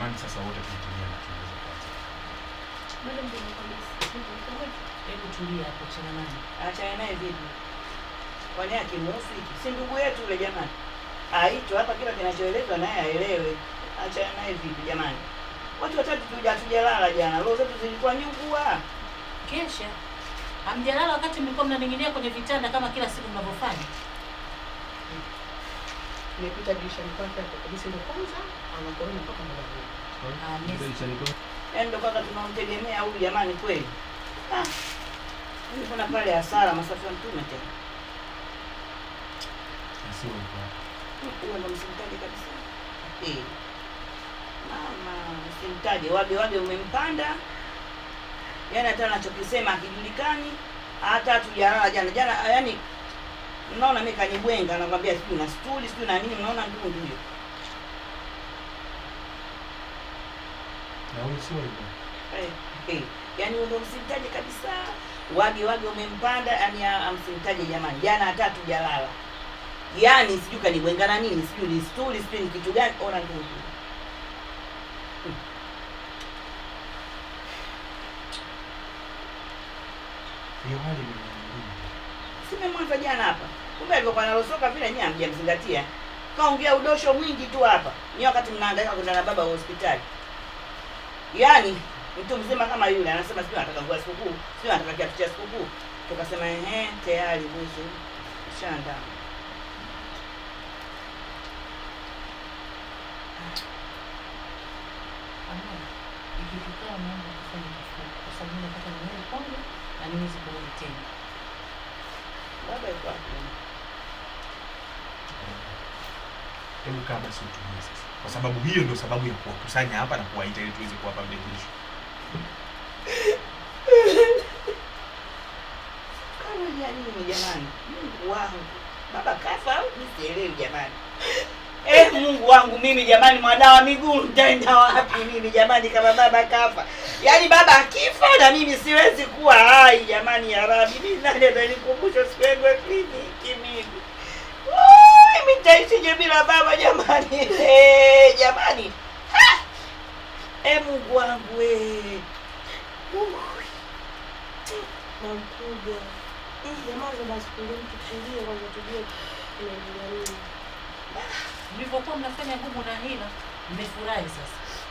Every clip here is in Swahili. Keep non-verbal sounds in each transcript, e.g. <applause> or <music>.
jamani sasa wote tutumie na tuweze kwanza. Mbona Bado mdogo kabisa. Hebu tulia hapo chana nani? Acha naye vipi? Kwani yake mufiki? Si ndugu yetu yule jamani. Aitwa hapa kila kinachoelezwa naye aelewe. Acha naye vipi jamani? Watu watatu tuja tujalala jana. Roho zetu zilikuwa nyungua. Kesha. Hamjalala wakati mlikuwa mnaning'inia kwenye vitanda kama kila siku mnavyofanya nimepita dirishani kwake kabisa, ndio kwanza anakuona mpaka muda huu. Ah, yaani ndio kwanza tunamtegemea huyu jamani, kweli mbona ah, pale hasara masafa ya mtume tena ndo msimtaje kabisa. Eh, mama msimtaje, wabe wabe umempanda, yani, hata anachokisema akijulikani, hata tujalala jana jana, yani Unaona mimi kanibwenga nakwambia sijui na stuli sijui na nini unaona ndugu ndio. Na wewe sio hivyo. Eh, eh yani wewe msimtaje kabisa. Wage wage umempanda yani amsimtaje jamani. Jana hata tujalala. Yaani sijui kanibwenga na nini sijui ni stuli sijui ni kitu gani ona ndugu. Hmm. Hiyo hali ni mwanzo jana hapa, kumbe alivyokuwa nalosoka vile nyinyi hamjamzingatia, kaongea udosho mwingi tu hapa, ni wakati mnahangaika kwenda na baba wa hospitali. Yaani mtu mzima kama yule anasema sio anataka nguo sikukuu, sio anataka kiatu cha sikukuu, tukasema ehe, tayari mwisho. shanda ikifika mambo kufanya kwa sababu nataka kwangu na tena Hebu kaa basi utumie sasa, kwa sababu hiyo ndio sababu ya kuwakusanya hapa na kuwaita ili tuweze kuwapa mrejesho. Mungu wangu, baba kafa au jamani. Eh, Mungu wangu mimi jamani, mwadawa miguu nitaenda wapi mimi jamani, kama baba kafa? Yaani baba akifa mimi siwezi kuwa hai jamani, ya Rabi, mimi nani atanikumbusha siku yangu ya kliniki? Mimi Oh, mimi nitaishije bila baba jamani? Hey, <laughs> eh, jamani e Mungu wangu we, eh. nakuja jamani, basi tutulie kwanza, tujue tunaendelea nini. Ah, mlivyokuwa mnafanya ngumu na hila, mmefurahi sasa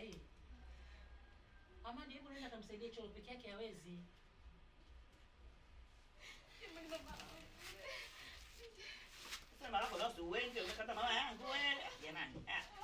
hii. Amani, hebu nenda kamsaidie choo, peke yake hawezi. Sasa mara kwa uende umekata mama yangu wewe. Jamani. Ah.